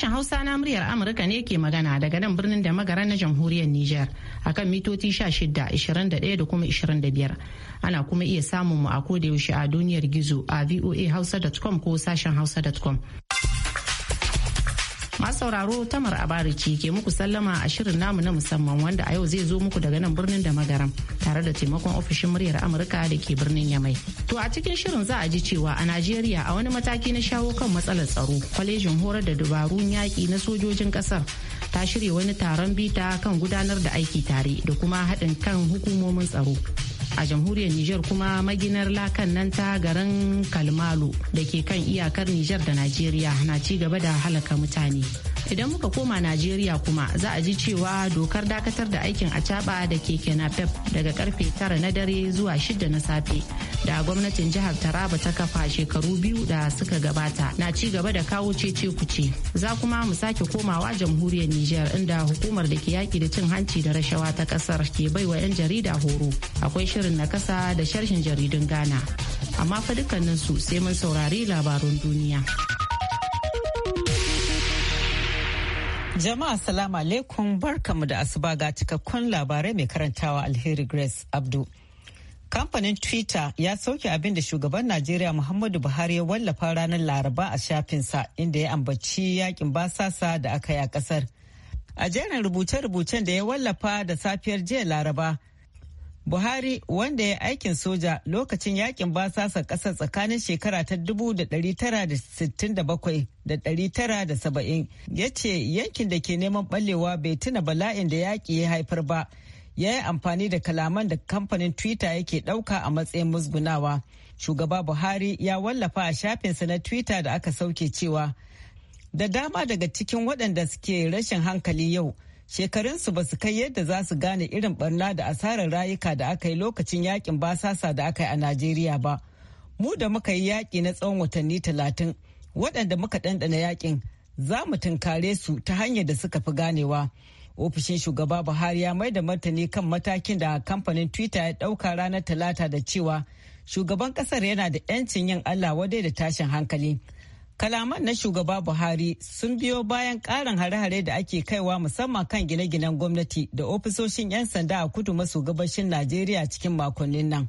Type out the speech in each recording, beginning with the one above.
Sashen Hausa na muryar Amurka ne ke magana daga nan birnin da magara na jamhuriyar Nijar akan mitoci 16, 21 da kuma 25. Ana kuma iya samun mu a koda yaushe a duniyar gizo a voahausa.com ko sashen hausa.com. sauraro tamar abarici ke muku sallama a shirin namu na musamman wanda a yau zai zo muku daga nan birnin da magaram tare da taimakon ofishin muryar amurka da ke birnin yamai to a cikin shirin za a ji cewa a najeriya a wani mataki na shawo kan matsalar tsaro kwalejin horar da dabarun yaƙi na sojojin ƙasar ta shirya wani taron bita kan gudanar da aiki tare da kuma haɗin kan hukumomin tsaro a jamhuriyar Nijar kuma maginar lakan nan ta garin Kalmalo da ke kan iyakar Nijar da Najeriya na ci gaba da halaka mutane. Idan muka koma Najeriya kuma za a ji cewa dokar dakatar da aikin acaba da keke napep daga karfe tara na dare zuwa shida na safe da gwamnatin jihar Taraba ta kafa shekaru biyu da suka gabata na ci gaba da kawo cece kuce. Za kuma mu sake komawa jamhuriyar Nijar inda hukumar da ke yaki da cin hanci da rashawa ta kasar ke baiwa 'yan jarida horo. Akwai shirin shirin na kasa da sharshin jaridun Ghana. Amma fa su sai mun saurari labarun duniya. Jama'a salamu alaikum barkamu da asuba ga cikakkun labarai mai karantawa alheri Grace Abdu. Kamfanin Twitter ya sauke abin da shugaban Najeriya Muhammadu Buhari ya wallafa ranar Laraba a shafinsa inda ya ambaci yakin basasa da aka yi a kasar. A jerin rubuce-rubucen da ya wallafa da safiyar jiya Laraba, Buhari wanda ya aikin soja lokacin yakin basasar ƙasar tsakanin shekara ta 1967 da 1970 ya ce yankin da ke neman ɓallewa bai tuna bala'in da yaƙi ya haifar ba ya yi amfani da kalaman da kamfanin Twitter yake ɗauka a matsayin musgunawa. Shugaba Buhari ya wallafa a shafinsa na Twitter da aka sauke cewa da dama daga cikin waɗanda suke rashin hankali yau. shekarunsu ba su kai yadda za su gane irin barna da asarar rayuka da aka yi lokacin yakin basasa da aka yi a najeriya ba mu da muka yi yaƙi na tsawon watanni talatin waɗanda muka ɗanɗana yakin za mu tunkare su ta hanyar da suka fi ganewa ofishin shugaba buhari ya mai da martani kan matakin da kamfanin twitter ya ɗauka ranar talata da cewa shugaban ƙasar yana da 'yancin yin allah wadai da tashin hankali Kalaman na shugaba Buhari sun biyo bayan karin hare-hare da ake kaiwa musamman kan gine-ginen gwamnati da ofisoshin 'yan sanda a kudu maso gabashin Najeriya cikin makonnin nan.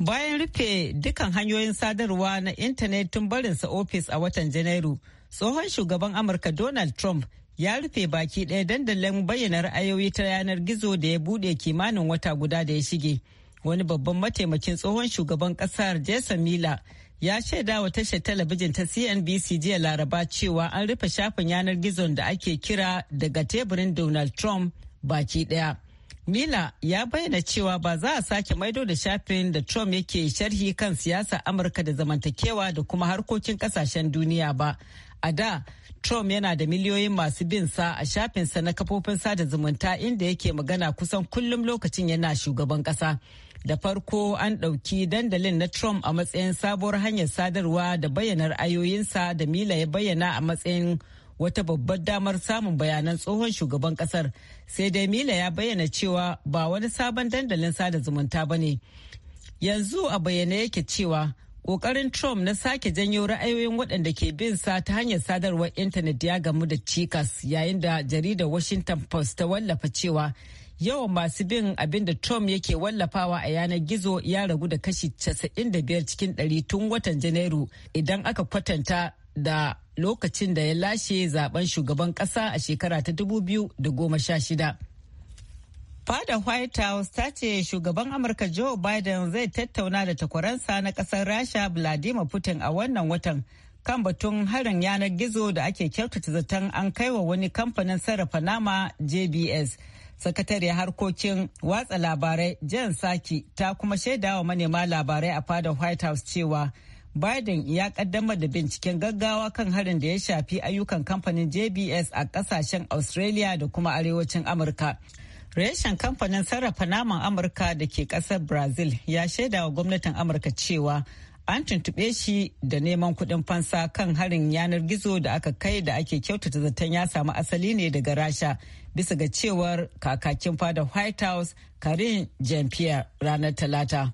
Bayan rufe dukkan hanyoyin sadarwa na intanet tun barinsa ofis a watan Janairu, tsohon shugaban Amurka Donald Trump ya rufe baki ɗaya dandalin bayyana ra'ayoyi ta yanar gizo da ya buɗe kimanin wata guda da ya shige. Wani babban mataimakin tsohon shugaban ƙasar Jason Miller ya shaida wa tashar talabijin ta CNBC jiya Laraba cewa an rufe shafin yanar gizon da ake kira daga teburin Donald Trump baki daya. Mila ya bayyana cewa ba za a sake maido da shafin da Trump yake sharhi kan siyasa Amurka da zamantakewa da kuma harkokin kasashen duniya ba. A da, Trump yana da miliyoyin masu bin sa a shafinsa na kafofin sada zumunta inda yake magana kusan kullum lokacin yana shugaban kasa. da farko an ɗauki dandalin na trump a matsayin sabuwar hanyar sadarwa da bayyanar ayoyinsa da mila ya bayyana a matsayin wata babbar damar samun bayanan tsohon shugaban kasar sai dai mila ya bayyana cewa ba wani sabon dandalin sada zumunta ba ne yanzu a bayyana yake cewa kokarin trump na sake janyo ra'ayoyin waɗanda ke bin sa ta hanyar sadarwar intanet ya gamu da cikas yayin da jaridar washington post ta wallafa cewa yawan masu bin abin da Trump yake wallafawa a yanar gizo ya ragu da kashi 95 cikin 100 tun watan Janairu idan aka kwatanta da lokacin da ya lashe zaben shugaban kasa a shekara ta 2016. fada White House ta ce shugaban Amurka Joe Biden zai tattauna da takwaransa na kasar Rasha Vladimir Putin a wannan watan kan batun harin yanar gizo da ake kyautata zaton an kaiwa wani kamfanin sarrafa nama JBS. sakatare harkokin watsa labarai jan saki ta kuma shaidawa manema labarai a fadar white house cewa biden ya kaddamar da binciken gaggawa kan harin da ya shafi ayyukan kamfanin jbs a kasashen australia da kuma arewacin amurka reshen kamfanin sarrafa naman amurka da ke kasar brazil ya shaidawa gwamnatin amurka cewa an tuntuɓe shi da neman kuɗin fansa kan harin yanar gizo da aka kai da ake kyautata zaton ya samu asali ne daga rasha bisa ga cewar kakakin fada white house karin jean pierre ranar talata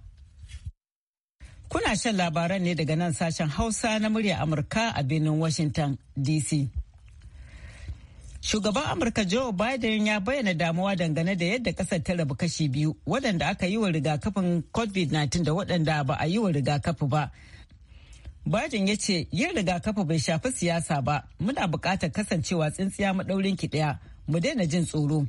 kuna shan labaran ne daga nan sashen hausa na murya amurka a birnin washington dc Shugaban Amurka Joe Biden ya bayyana damuwa dangane da yadda kasar ta rabu kashi biyu waɗanda aka yi wa rigakafin COVID-19 da waɗanda ba a yi wa rigakafi ba. Biden ya ce yin rigakafi bai shafi siyasa ba muna buƙatar kasancewa tsintsiya maɗaurin ki ɗaya mu daina jin tsoro.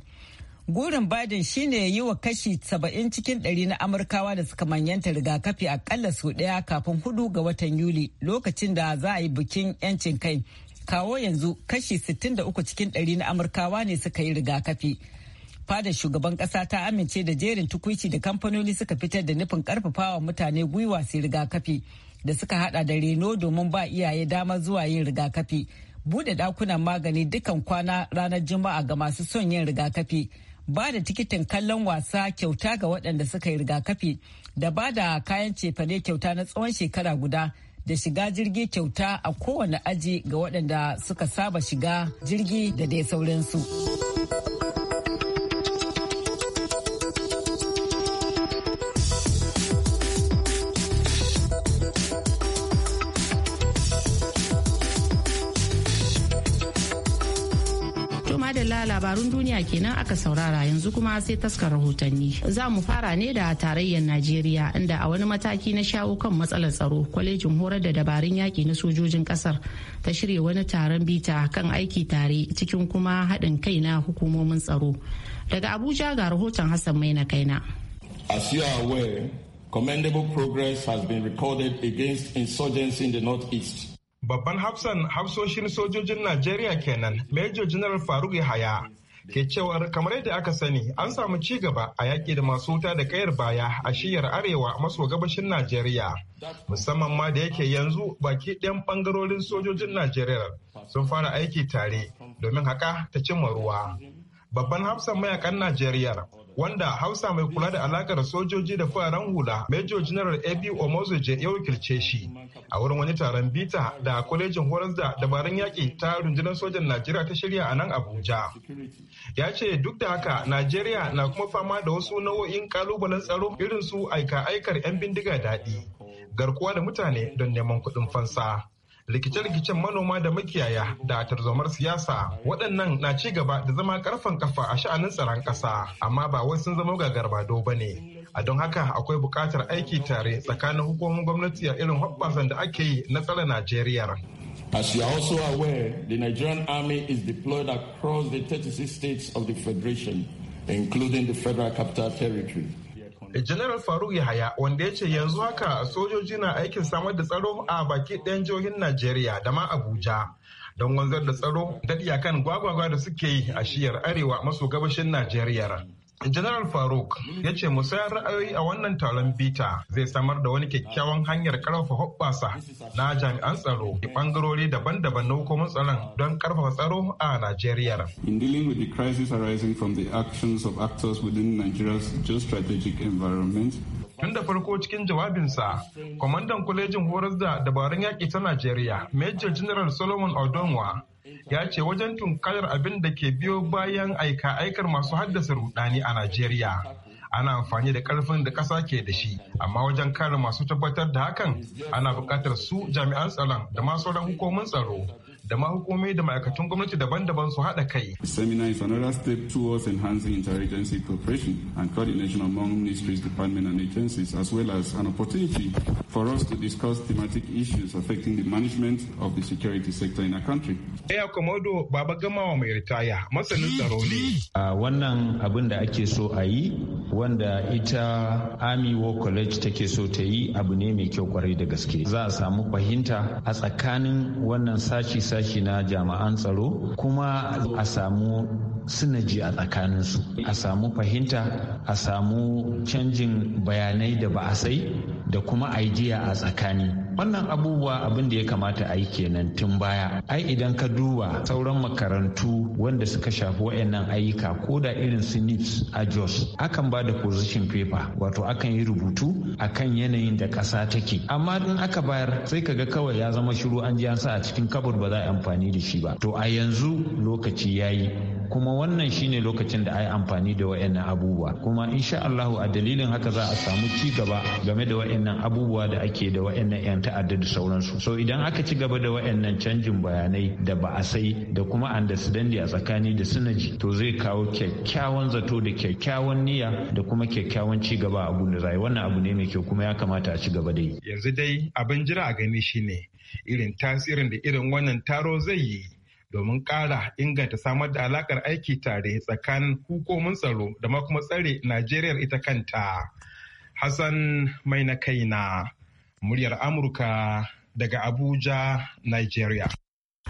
Gurin Biden shine yi wa kashi saba'in cikin ɗari na Amurkawa da suka manyanta rigakafi a akalla sau ɗaya kafin hudu ga watan Yuli lokacin da za a yi bikin 'yancin kai kawo yanzu kashi 63 cikin ɗari na amurkawa ne suka yi rigakafi fadar shugaban kasa ta amince da jerin tukuici da kamfanoni suka fitar da nufin karfafawa mutane gwiwa su rigakafi da suka hada da reno domin ba iyaye dama zuwa yin rigakafi bude dakunan magani dukan kwana ranar juma'a ga masu son yin rigakafi ba da tikitin kallon wasa kyauta ga waɗanda suka yi rigakafi da ba da kayan cefane kyauta na tsawon shekara guda da shiga jirgi kyauta a kowane aji ga waɗanda suka saba shiga jirgi da dai sauransu. labarun duniya kenan aka saurara yanzu kuma sai taskar rahotanni. Za mu fara ne da tarayyar Najeriya inda a wani mataki na shawo kan matsalar tsaro kwalejin horar da dabarun yaki na sojojin kasar ta shirya wani taron bita kan aiki tare cikin kuma haɗin kai na hukumomin tsaro. Daga Abuja ga rahoton Hassan Mai na kaina. As you are aware, commendable progress has been recorded against insurgency in the northeast. babban hafsan hafsoshin sojojin najeriya kenan major general faruk yahaya ke cewar kamar yadda aka sani an samu ci gaba a yaƙi da masu wuta da kayar baya a shiyar arewa maso gabashin najeriya musamman ma da yake yanzu baki ɗayan ɓangarorin sojojin najeriya sun fara aiki tare domin haka ta cimma ruwa babban hafsan mayakan najeriya wanda hausa mai kula da alakar sojoji da fararen hula major general ab omozoje ya wakilce shi a wurin wani taron bita da kwalejin horas da dabarun yaƙi ta rundunar sojan najeriya ta shirya a nan abuja ya ce duk da haka najeriya na kuma fama da wasu nau'o'in kalubalen tsaro irin su aika aikar 'yan bindiga daɗi garkuwa da mutane don neman kuɗin fansa rikice-rikicen manoma da makiyaya da tarzomar siyasa waɗannan na ci gaba da zama karfan kafa a sha'anin tsaron ƙasa amma ba wai sun zama gagarbado ba ne a don haka akwai buƙatar aiki tare tsakanin hukumomin gwamnati a irin hoɓɓasan da ake yi na tsare najeriya As you are also aware, the Nigerian Army is deployed across the 36 states of the Federation, including the Federal Capital Territory. Eh, General Faruk Yahaya wanda ya ce yanzu haka sojoji na aikin samar da tsaro a baki ɗayan jihohin Najeriya da ma Abuja. Don wanzar da tsaro daɗi kan gwagwagwa da suke yi a shiyar arewa maso gabashin Najeriya. General Faruk ya ce musayar ra'ayoyi a wannan taron bita zai samar da wani kyakkyawan hanyar karfafa hoɓɓasa na jami'an tsaro da bangarori daban-daban na hukumar tsaron don karfafa tsaro a Najeriya. In dealing with the crisis arising from the actions of actors within Nigeria's geostrategic environment, tun da farko cikin jawabinsa kwamandan kwalejin horas da dabarun yaƙi ta najeriya major general solomon odonwa ya ce wajen tunkarar abin da ke biyo bayan aika-aikar masu haddasa rudani a Najeriya. Ana amfani da karfin da ƙasa ke da shi, amma wajen kare masu tabbatar da hakan ana buƙatar su jami'an tsaron da ma sauran hukumomin tsaro da mahukumomi da ma'aikatun gwamnati daban-daban su haɗa kai. Seminar is another step towards enhancing interagency cooperation and coordination among ministries, departments and agencies as well as an opportunity for us to discuss thematic issues affecting the management of the security sector in our country. Eya Komodo Baba Gamawa mai ritaya masanin tsaro ne. Wannan abin da ake so a yi wanda ita Army War College take so ta yi abu ne mai kyau kwarai da gaske. Za a samu fahimta a tsakanin wannan sashi-sashi tashi na jami'an tsaro kuma a samu sinaji a tsakaninsu a samu fahimta a samu canjin bayanai da ba'asai da kuma idea a tsakani wannan abubuwa abin da ya kamata a yi kenan tun baya ai idan ka duba sauran makarantu wanda suka shafi wayannan ayyuka ko da irin su NIPS a Jos akan ba da position paper wato akan yi rubutu akan yanayin da ƙasa take amma in aka bayar sai kaga kawai ya zama shiru an ji an sa a cikin kabur ba za a amfani da shi ba to a yanzu lokaci yayi kuma wannan shine lokacin da a yi amfani da wayannan abubuwa kuma insha Allahu a dalilin haka za a samu ci gaba game da wayannan abubuwa da ake da wayannan 'yan ta'adda da sauransu so idan aka ci gaba da wayannan canjin bayanai da ba a sai da kuma understanding a tsakani da sinaji to zai kawo kyakkyawan zato da kyakkyawan niyya da kuma kyakkyawan ci gaba a gudun rayuwa wannan abu ne mai kyau kuma ya kamata a ci gaba da yi yanzu dai abin jira a gani shine irin tasirin da irin wannan taro zai yi domin kara inganta samar da alakar aiki tare tsakanin hukumin tsaro da kuma tsare Najeriya ita kanta. Hassan mai na kaina muryar Amurka daga Abuja, Nigeria.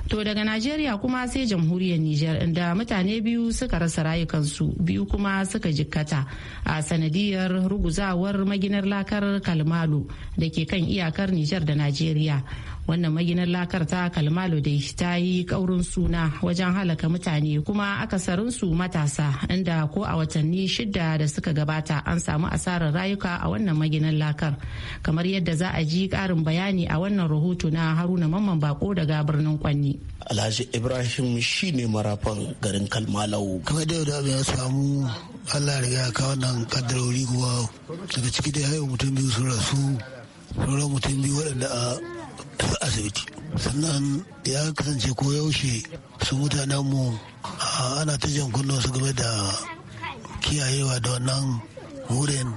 To daga Najeriya kuma sai jamhuriyar Nijar inda mutane biyu suka rasa rayukansu biyu kuma suka jikkata a sanadiyar ruguzawar maginar lakar Kalmalo da ke kan iyakar Nijar da Najeriya wannan maginar lakar ta kalmalo da ta yi kaurin suna wajen halaka mutane kuma akasarinsu matasa inda ko a watanni shida da suka gabata an samu asarar rayuka a wannan maginar lakar kamar yadda za a ji karin bayani a wannan rahoto na haruna mamman bako daga birnin kwanni alhaji ibrahim shi ne marafan garin kalmalau kamar da yadda ya samu allah riga ka wannan kaddarori kuwa daga ciki da yau mutum biyu su rasu sauran mutum biyu waɗanda a asibiti sannan ya kasance ko yaushe su mutanen mu ana ta jan su game da kiyayewa da wannan wurin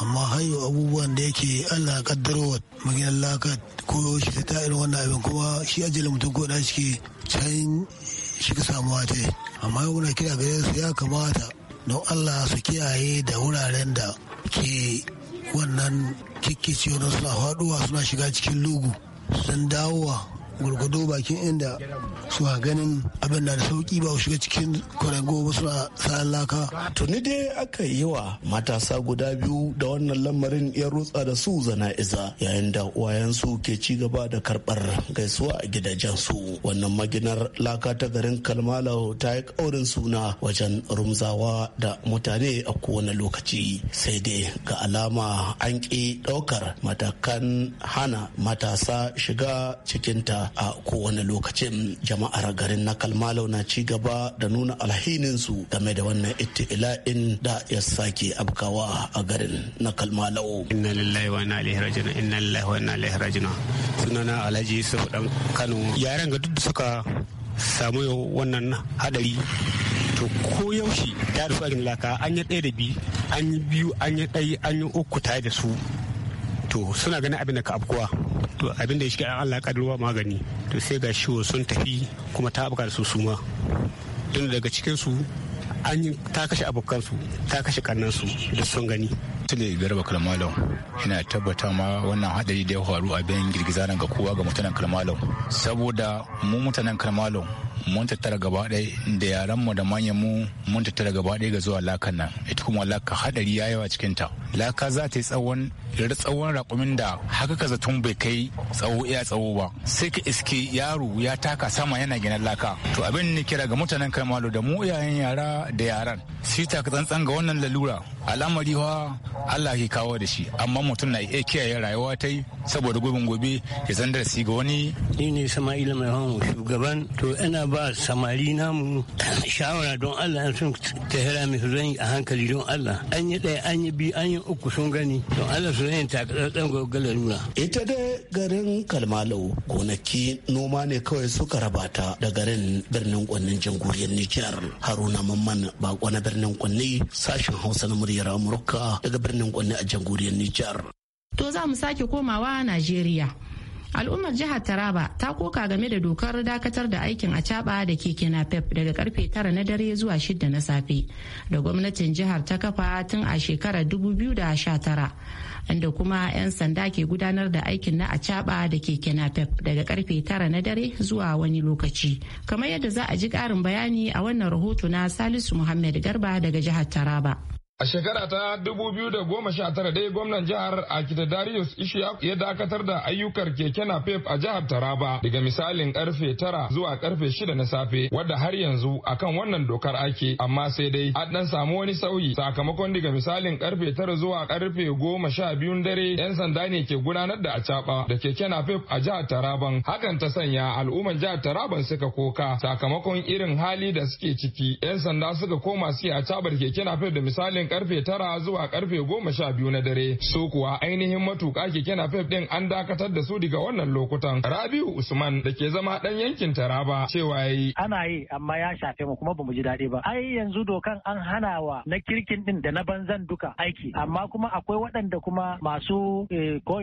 amma hayo abubuwan da yake allah kaddarowa maginan lakat ko yaushe ta irin wannan abin kuma shi ajalin mutum ko da shi can shi ka samuwa ta amma yau na kira gare su ya kamata don allah su kiyaye da wuraren da ke wannan wani suna faduwa suna shiga cikin lugu Sendawa. gwargwado bakin inda su a ganin abin da sauki ba shiga cikin kwarago ba su sa'an laka. Tuni dai aka yi wa matasa guda biyu da wannan lamarin ya rutsa da su zana-iza? yayin da wayansu ke ci gaba da karɓar gaisuwa a gidajensu. Wannan maginar laka ta garin Kalmala ta yi ƙaurin suna wajen rumzawa da mutane a kowane lokaci. Sai dai ga alama an ki ɗaukar matakan hana matasa shiga cikinta haka a kowane lokacin jama'ar garin na kalmalau na ci gaba da nuna alhininsu game da wannan ittila'in da ya sake abkawa a garin na kalmalau inna lillahi wa inna ilaihi raji'un inna lillahi wa inna ilaihi raji'un sunana alhaji yusuf dan kano yaran ga duk suka samu wannan hadari to ko yaushe ta da su a laka an yi ɗaya da biyu an yi biyu an yi ɗaya an yi uku tare da su to suna ganin abin da ka afkuwa to abin da ya shiga Allah ruwa magani to sai ga shiwo sun tafi kuma ta abuka da su suma don daga cikin su an yi ta kashe abokansu ta kashe kannansu da sun gani tule garba kalmalon kalmalau yana tabbata ma wannan hadari da ya faru a bayan girgiza ga kowa ga mutanen kalmalau saboda mu mutanen kalmalau mun tattara gaba ɗaya da yaran mu da manyan mu mun tattara gaba ɗaya ga zuwa lakan nan ita kuma laka hadari ya yawa cikin ta laka za ta yi tsawon yar tsawon rakumin da haka ka zaton bai kai tsawo iya tsawo ba sai ka iske yaro ya taka sama yana gina laka to abin ne kira ga mutanen malo da mu iyayen yara da yaran sai ka tsantsan ga wannan lalura al'amari wa Allah ke kawo da shi amma mutum na iya kiyaye rayuwa ta yi saboda gobin gobe ya zan darasi ga wani ni ne sama'ila mai hannu shugaban to ina ba samari namu shawara don Allah an sun tahira mai zan a hankali don Allah an yi ɗaya an yi biyu an yi uku sun gani don Allah su zan ɗan gwagwalar nuna ita dai garin kalmalau gonaki noma ne kawai suka rabata da garin birnin kwannin jangoriyar Nijar Haruna Mamman ba na birnin kwanni sashen Hausa na murya muryar Amurka daga birnin Kwanne a jamhuriyar Nijar. To za mu sake komawa Najeriya. Al'ummar jihar Taraba ta koka game da dokar dakatar da aikin a caba da keke napep daga karfe tara na dare zuwa shida na safe da gwamnatin jihar ta kafa tun a shekarar 2019 inda kuma 'yan sanda ke gudanar da aikin na a caba da keke napep daga karfe tara na dare zuwa wani lokaci. Kamar yadda za a ji karin bayani a wannan rahoto na Salisu Muhammad Garba daga jihar Taraba. A shekara ta 2019 dai gwamnan jihar Akita Darius Ishiyaku ya dakatar da ayyukar keke napep a jihar Taraba daga misalin karfe 9 zuwa karfe 6 na safe wadda har yanzu akan wannan dokar ake amma sai dai an dan samu wani sauyi sakamakon daga misalin karfe 9 zuwa karfe 12 dare yan sanda ne ke gudanar da acaba da keke napep a jihar Taraban hakan ta sanya al'umman jihar Taraban suka koka sakamakon irin hali da suke ciki yan sanda suka koma su acabar keke napep da misalin karfe tara zuwa karfe goma sha biyu na dare su kuwa ainihin matuƙa keke fef din an dakatar da su daga wannan lokutan rabiu usman da ke zama dan yankin taraba cewa yi ana yi amma ya shafe mu kuma bamu ji daɗi ba ai yanzu dokan an hana wa na kirkin din da na banzan duka aiki amma kuma akwai waɗanda kuma masu eh, ko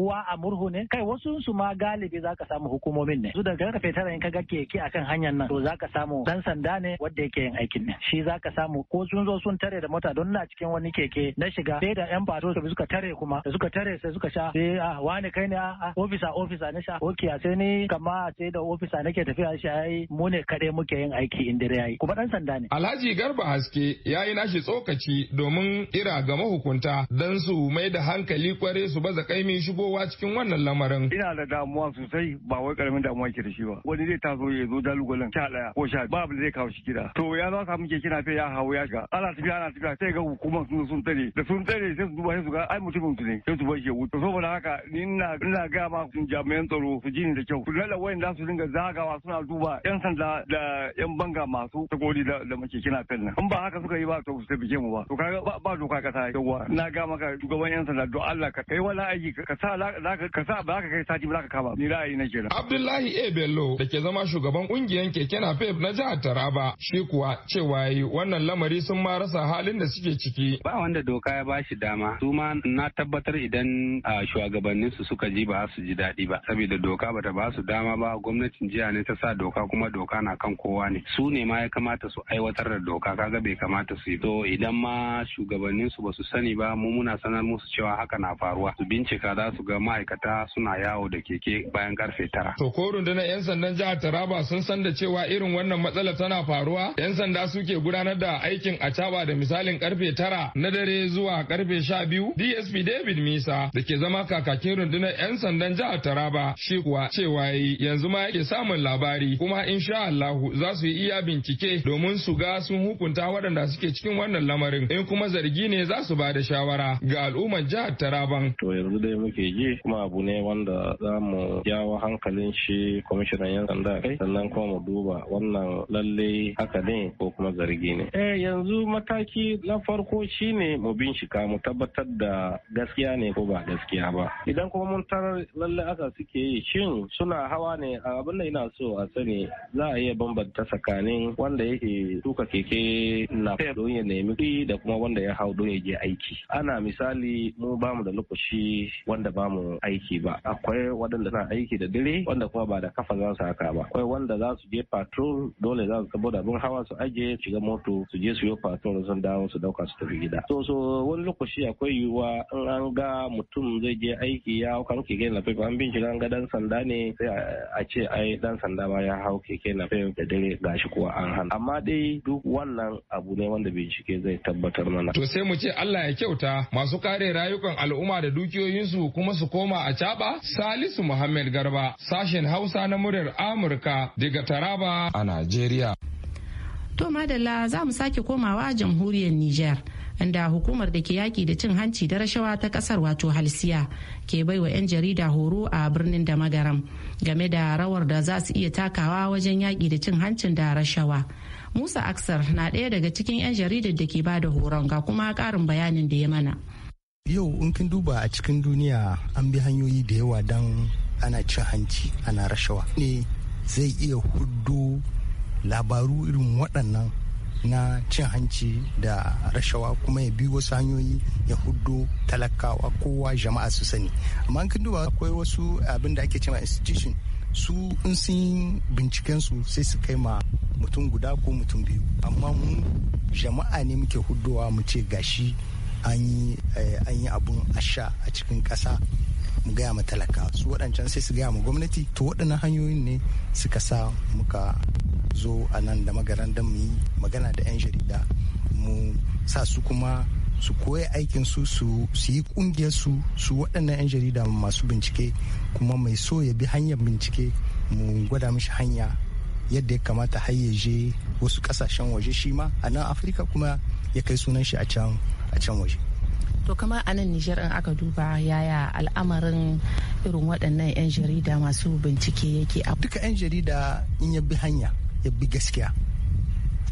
uwa a murhu ne kai wasu su ma galibi zaka samu hukumomin ne su da karfe tara in ka ga keke akan hanyar nan to zaka samu dan sanda ne wanda yake yin aikin ne shi zaka samu ko sun zo sun tare da mota mota don na cikin wani keke na shiga sai da yan fato su suka tare kuma da suka tare sai suka sha sai a ah, wani kai ne a ah, ah, ofisa ofisa na sha okiya sai ni kama sai da ofisa nake tafiya shi yayi mu ne kaɗai muke yin aiki in dare yayi kuma dan sanda ne Alhaji Garba Haske ya yi nashi tsokaci domin ira ga mahukunta dan su mai da hankali kware su baza min shigowa cikin wannan lamarin ina da damuwa sosai ba wai karamin damuwa ke da shi ba wani zai taso ya zo dalugwalan sha daya ko sha babu zai kawo shi gida to ya za samu keke na ya hawo ya ga ana tafiya ana tafiya haka sai ga hukumar sun sun tare da sun tare sai su duba sai su ga ai mutumin su ne sai su bar shi wuce saboda haka ni ina ina ga ma jami'an tsaro su ji ni da kyau kullum da wayan da su dinga zagawa suna duba yan sanda da yan banga masu tagoli da da muke kina kan nan in ba haka suka yi ba to su bige mu ba to kaga ba ba doka kasa yawa ina ga maka shugaban yan sanda don Allah ka kai wala aiki ka sa za ka ka sa ba ka kai sati ba ka kama ni ra'ayi na kenan Abdullahi A Bello da ke zama shugaban kungiyan keke na na jihar Taraba shi kuwa cewa yi wannan lamari sun ma rasa halin da suke ciki. Ba wanda doka ya bashi dama. Su ma na tabbatar idan shugabannin su suka ji ba su ji daɗi ba. Saboda doka bata ba su dama ba gwamnatin jiya ne ta sa doka kuma doka na kan kowa ne. Su ne ma ya kamata su aiwatar da doka kaga bai kamata su yi. To idan ma shugabannin su ba su sani ba mu muna sanar musu cewa haka na faruwa. Su bincika za su ga ma'aikata suna yawo da keke bayan karfe tara. To ko rundunar 'yan sandan jihar Taraba sun san da cewa irin wannan matsala tana faruwa? 'Yan sanda suke gudanar da aikin a da misali misalin karfe tara na dare zuwa karfe sha biyu dsp david misa da ke zama kakakin rundunar 'yan sandan jihar taraba shi kuwa cewa yi yanzu ma yake samun labari kuma insha allahu za su yi iya bincike domin su ga sun hukunta waɗanda suke cikin wannan lamarin in kuma zargi ne za su ba da shawara ga al'ummar jihar taraban to yanzu dai muke yi kuma abu ne wanda za mu jawo hankalin shi kwamishinan 'yan sanda kai sannan kuma mu duba wannan lalle haka ne ko kuma zargi ne eh yanzu mataki na farko shine mu bincika mu tabbatar da gaskiya ne ko ba gaskiya ba idan kuma mun tarar lalle aka suke yi shin suna hawa ne abinda ina so a sani za a iya bambanta tsakanin wanda yake tuka keke na don ya nemi da kuma wanda ya hau don ya je aiki ana misali mu bamu da lokaci wanda ba mu aiki ba akwai waɗanda na aiki da dare wanda kuma ba da kafa za su haka ba akwai wanda za su je patrol dole za su kabo da abin hawa su aje shiga moto su je su yi patrol sun dawo samu su dauka su tafi gida so so wani lokaci akwai yiwuwa in an ga mutum zai je aiki ya hau kan keke napep an bincika an ga dan sanda ne sai a ce ai dan sanda ma ya hau keke napep da dare ga gashi kuwa an hana amma dai duk wannan abu ne wanda bincike zai tabbatar mana to sai mu ce Allah ya kyauta masu kare rayukan al'umma da dukiyoyinsu kuma su koma a caba Salisu Muhammad Garba sashen Hausa na muryar Amurka daga Taraba a Najeriya To madalla za mu sake komawa jamhuriyar Nijar. inda hukumar da ke yaƙi da cin hanci da rashawa ta ƙasar wato halsiya ke baiwa 'yan jarida horo a birnin da magaram game da rawar da za su iya takawa wajen yaƙi da cin hancin da rashawa musa aksar na ɗaya daga cikin 'yan jaridar da ke bada da horon ga kuma ƙarin bayanin da ya mana yau in kin duba a cikin duniya an bi hanyoyi da yawa don ana cin hanci ana rashawa ne zai iya hudu labaru irin waɗannan na cin hanci da rashawa kuma ya bi wasu hanyoyi ya hudo talakawa kowa jama'a su sani amma kin duba akwai wasu abin da ake cewa institution su in sun binciken su sai su kai ma mutum guda ko mutum biyu amma mu jama'a ne muke hudowa mu ce gashi an yi eh, abun asha a cikin ƙasa mu gaya ma talaka su waɗancan sai su gaya ma gwamnati to waɗannan hanyoyin ne suka sa muka zo a nan da magaran don mu magana da 'yan jarida mu sa su kuma su koya aikin su su yi kungiyar su su waɗannan 'yan jarida masu bincike kuma mai so ya bi hanyar bincike mu gwada mishi hanya yadda ya kamata har ya wasu kasashen waje shi ma a nan afirka kuma ya kai sunan shi a can waje to kama a nan nijar in aka duba yaya al'amarin irin waɗannan 'yan jarida masu bincike yake duka 'yan jarida in ya bi hanya ya bi gaskiya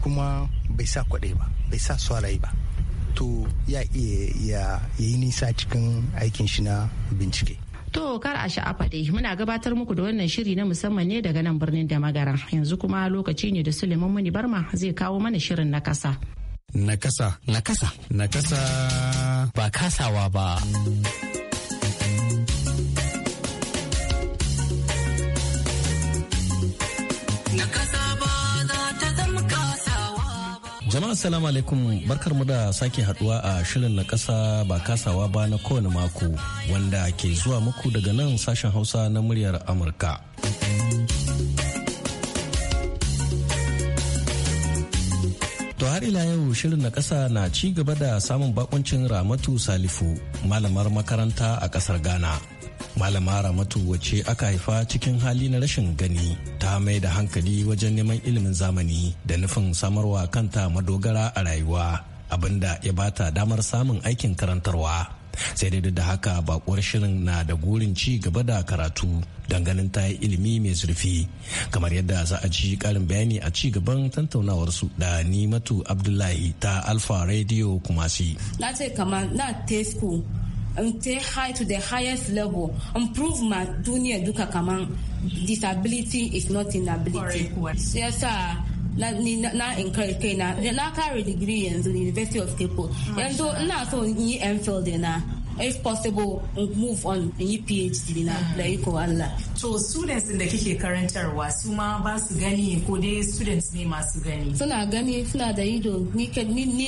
kuma bai sa kwaɗai ba bai sa sarai ba to ya iya yi nisa cikin aikin shi na bincike To kar a sha'afa dai muna gabatar muku da wannan shiri na musamman ne daga nan birnin da magara yanzu kuma lokaci ne da Suleiman Muni Barma zai kawo mana shirin na kasa. Na kasa. Na kasa. Na kasa. Ba kasawa ba. Jama'a salamu alaikum barkar mu da sake haduwa a shirin na kasa ba kasawa ba na kowane mako wanda ke zuwa muku daga nan sashen hausa na muryar Amurka. To har ila yau shirin na kasa na ci gaba da samun bakuncin Ramatu Salifu malamar makaranta a kasar Ghana. malama ramatu wace aka haifa cikin hali na rashin gani ta mai da hankali wajen neman ilimin zamani da nufin samarwa kanta madogara a rayuwa abinda ya bata damar samun aikin karantarwa sai dai da haka bakuwar shirin na da gurin ci gaba da karatu ganin ta ilimi mai zurfi kamar yadda za a ji karin bayani a ci gaban su da nimatu abdullahi ta alfa radio kumasi na ce kamar na tesco in ta high to the highest level improve ma duniya duka kaman disability is not inability yasa na na encourage kaina na kare degree yanzu university of cape yanzu ina so in yi mfil na if possible move on in yi phd na da ah. iko Allah to students da kike karantarwa su ma ba su gani ko dai students ne masu gani suna gani suna da ido ni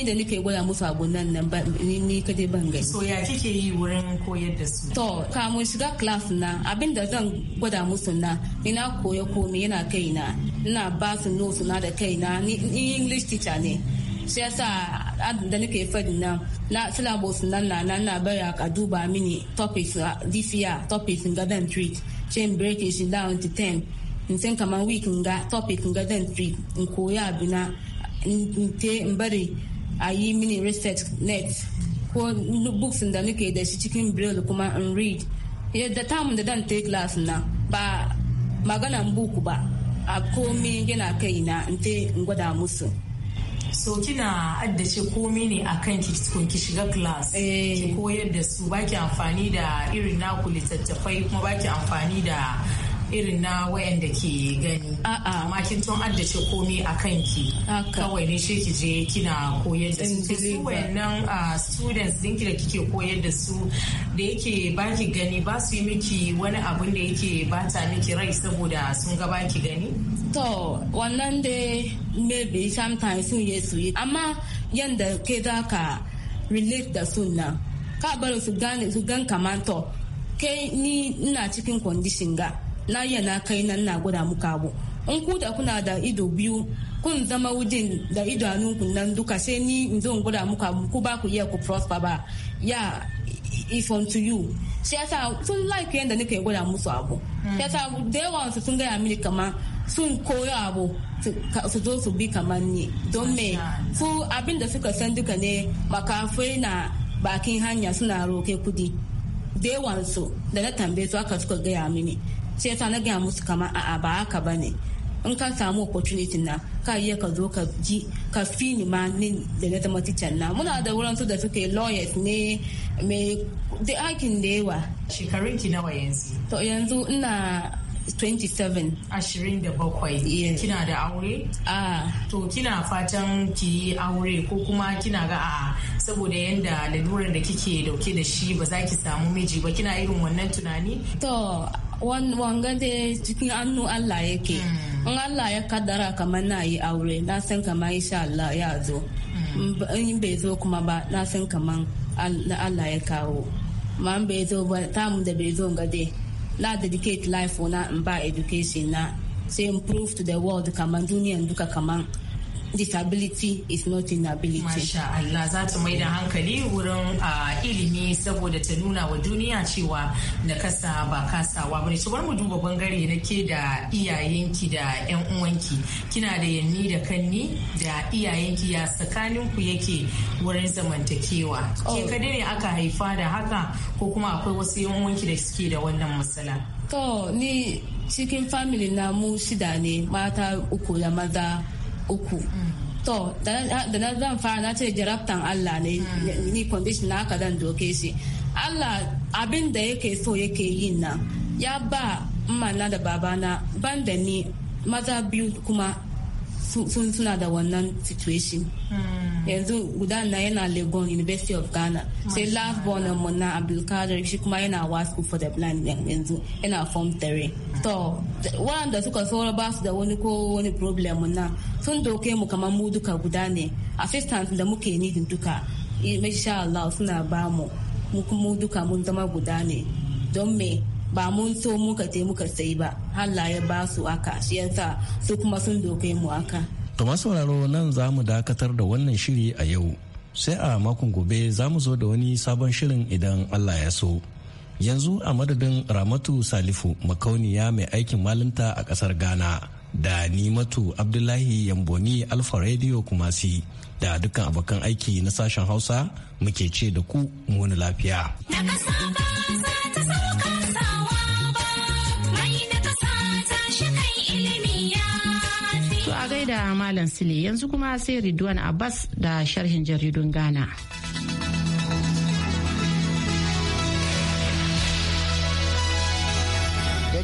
da nake gwada musu abunan nan ni kadai ban gani so ya kike yi wurin koyar da su to kamun shiga class na abinda zan gwada musu na ina koya komai yana kaina ina ba su notes na da kaina ni english teacher ne shi yasa da nake faɗi nan na syllabus nan na na na bari a duba mini topics uh, this year topics ga dan treat chain breaking shi down to 10 in san kamar week nga topic nga dan treat in koya bina in te in bari mini research net ko books da nake da shi cikin braille kuma in read yadda tamun da dan take class na ba maganan book ba a komi yana kaina in te in gwada musu so kina addace komi ne a kan ki ki shiga class eh. ki koyar da su baki amfani da irin naku littattafai kuma baki amfani da irin na wayan da ke gani a'a makin tun addace komi a kan ki. kawai ne shi ki je kina koyar da su su wayannan ah, students dinki da kike koyar da su da yake baki gani ba su yi miki wani abun da yake bata miki rai saboda sun ga ki gani to wannan da maybe sometimes sun yi su yi amma yanda ke za ka relate da su nan ka bari su gane su gan to kai ni ina cikin condition ga na yana kai nan na gwada muka abu in ku kuna da ido biyu kun zama wujin da kun nan duka sai ni in zo guda muka ku ba ku iya ku prosper ba ya if unto you shi yasa sun like yadda nake guda musu abu shi yasa da yawan su sun gaya mini kama sun koyo abu su zo su bi kamar ni don me su abin da suka san duka ne makafai na bakin hanya suna roke kudi da yawan su da na tambaye su aka suka gaya mini ya yasa na gaya musu kama a'a ba haka ba ne in ka samu opportunity na ka iya ka zo ka ji ka fi ni ma ni da na zama teacher na muna da wurin su da suke lawyers ne mai da aikin da yawa shekarun ki nawa yanzu to yanzu ina 27 ashirin da bakwai kina da aure a to kina fatan ki yi aure ko kuma kina ga a saboda yadda lalurar da kike dauke da shi ba za ki samu miji ba kina irin wannan tunani to wangan dai cikin annu Allah yake in hmm. Allah ya kaddara kamar na yi aure na san kamar insha Allah ya zo in bai zo kuma ba na san kamar Allah ya kawo ma in bai zo ba tamu da bai zo ga na dedicate life na in ba education na say improve to the world kamar duniyan duka kamar disability is not inability. Masha Allah za ta mai da hankali wurin ilimi saboda ta nuna wa duniya cewa na kasa ba kasawa bane. So bar mu duba bangare na ke da iyayenki da yan uwanki. Kina da yanni da kanni da iyayenki ya tsakanin ku yake wurin zamantakewa. Oh. Ke kadai ne aka haifa da haka ko kuma akwai wasu yan uwanki da suke da wannan matsala. To ni cikin family na mu shida ne mata uku da maza uku to da na zan fara na ce jarabtan Allah ne hmm. ni condition na dan doke shi Allah abin da yake so yake yin nan ya ba mana da babana ban da ni maza biyu kuma sun suna da wannan situation hmm. yanzu guda na yana legon university of ghana sai last born mu na abdulkadir shi kuma yana wa school for the blind yanzu yana form 3 to waɗanda suka saura ba su da wani ko wani problem na sun doke mu kamar mu duka guda ne assistance da muke nidin duka insha Allah suna ba mu mu duka mun zama guda ne don me ba mun so muka te muka sai ba Allah ya ba su aka shi yasa su kuma sun doke mu aka to sauraro nan za mu dakatar da wannan shiri a yau sai a makon gobe za mu zo da wani sabon shirin idan Allah ya so yanzu a madadin ramatu salifu makauniya mai aikin malinta a kasar ghana da nimatu abdullahi yamboni alfa radio kumasi da dukkan abokan aiki na sashen hausa muke ce da ku muni lafiya. na malam Malam Sule yanzu kuma sai Ridwan Abbas da sharhin jaridun Ghana.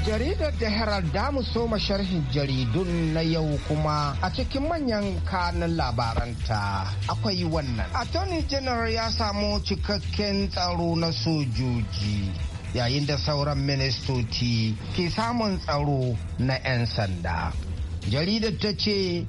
jaridar da herald damu soma sharhin jaridun na yau kuma a cikin manyan kanun labaranta akwai wannan attorney general ya samu cikakken tsaro na sojoji yayin da sauran ministoci ke samun tsaro na 'yan sanda jaridar ta ce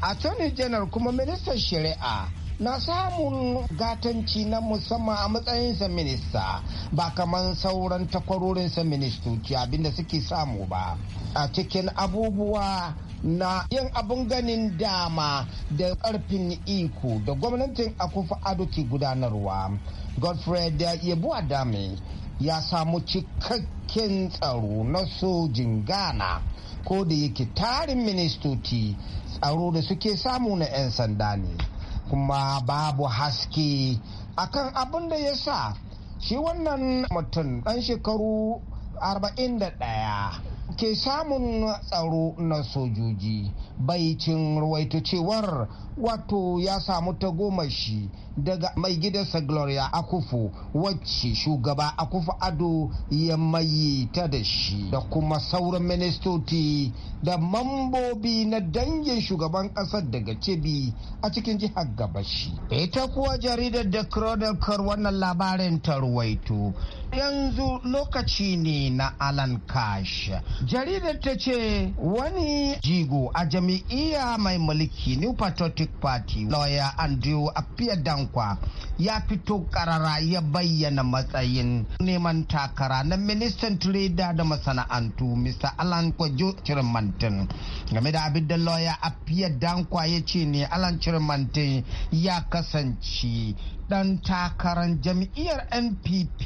attorney janar kuma ministan shari'a na samun gatanci na musamman a matsayinsa minista ba kamar sauran takwarorinsa ministoci abinda suke samu ba a cikin abubuwa na yin abin ganin dama da karfin iko da gwamnatin akufa ado ke gudanarwa godfrey da yabo adame ya samu cikakken tsaro na sojin ghana ko da yake tarin ministoci tsaro da suke samu na 'yan sanda ne kuma babu haske akan abin da ya sa shi wannan mutum ɗan shekaru 41 ke samun tsaro na sojoji baicin ruwaito cewar wato ya samu shi daga mai gidansa gloria akufu wacce shugaba akufu ado ya mai ta da shi da kuma sauran ministoci da mambobi na dangin shugaban kasar daga cebi a cikin jihar gabashi ita kuwa jaridar da chronicle wannan labarin ta ruwaito yanzu lokaci ne na alan kash jaridar ta ce wani jigo a jam jami'iyya mai mulki new patriotic party lawyer andrew appiah dankwa ya fito karara ya bayyana matsayin neman takara na ministan tireda da masana'antu mr alan kwajo cirmantin game da abin da lawyer appiah dankwa ya ce ne alan cirmantin ya kasance dan takarar jam'iyyar npp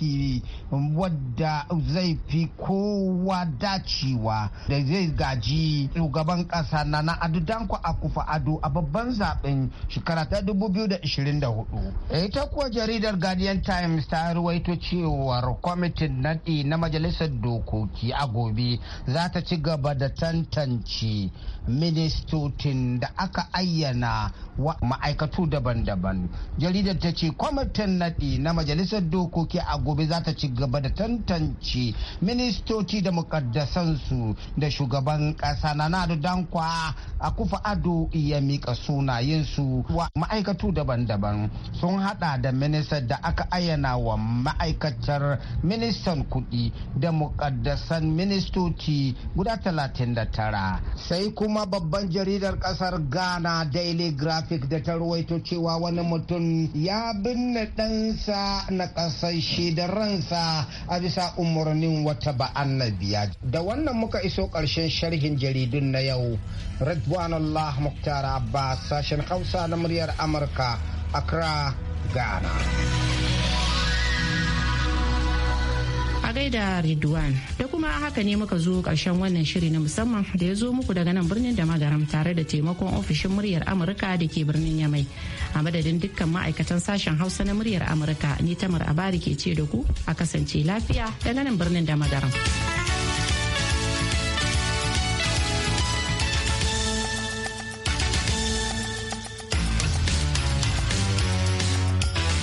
wadda zai fi kowa dacewa da zai gaji shugaban kasa na na adudanku akufa ado a babban zaben shekara ta 2024 ita kuwa jaridar guardian times ta ruwaito cewar kwamitin naɗi na majalisar dokoki a gobe za ta ci gaba da tantance ministocin da aka ayyana wa ma'aikatu daban-daban jaridar ta ce kwamitin naɗi na majalisar dokoki a gobe za ta ci gaba da tantance ministoci da mukaddasansu da shugaban ƙasa na nadu dankwa a kufa ado iya mika sunayensu wa ma'aikatu daban-daban sun haɗa da ministan da aka ayyana wa ma'aikatar ministan kuɗi da mukaddasan ministoci guda talatin da tara. sai kuma babban jaridar ƙasar ghana daily graphic da ta ruwaito cewa wani mutum ya binne ɗansa na ƙasashe da ransa a bisa umarnin wata ba'annabiya. Da wannan muka iso ƙarshen sharhin jaridun na yau. Redwan Allah Muktar Abbas sashen Hausa na muryar Amurka, Accra, Ghana. gaida Ridwan. Da kuma haka ne muka zo karshen wannan shiri na musamman da ya zo muku daga nan birnin da magaram tare da taimakon ofishin muryar Amurka da ke birnin Yamai. A madadin dukkan ma'aikatan sashen Hausa na muryar Amurka ni Tamar Abari ke ce da ku a kasance lafiya daga nan birnin da magaram.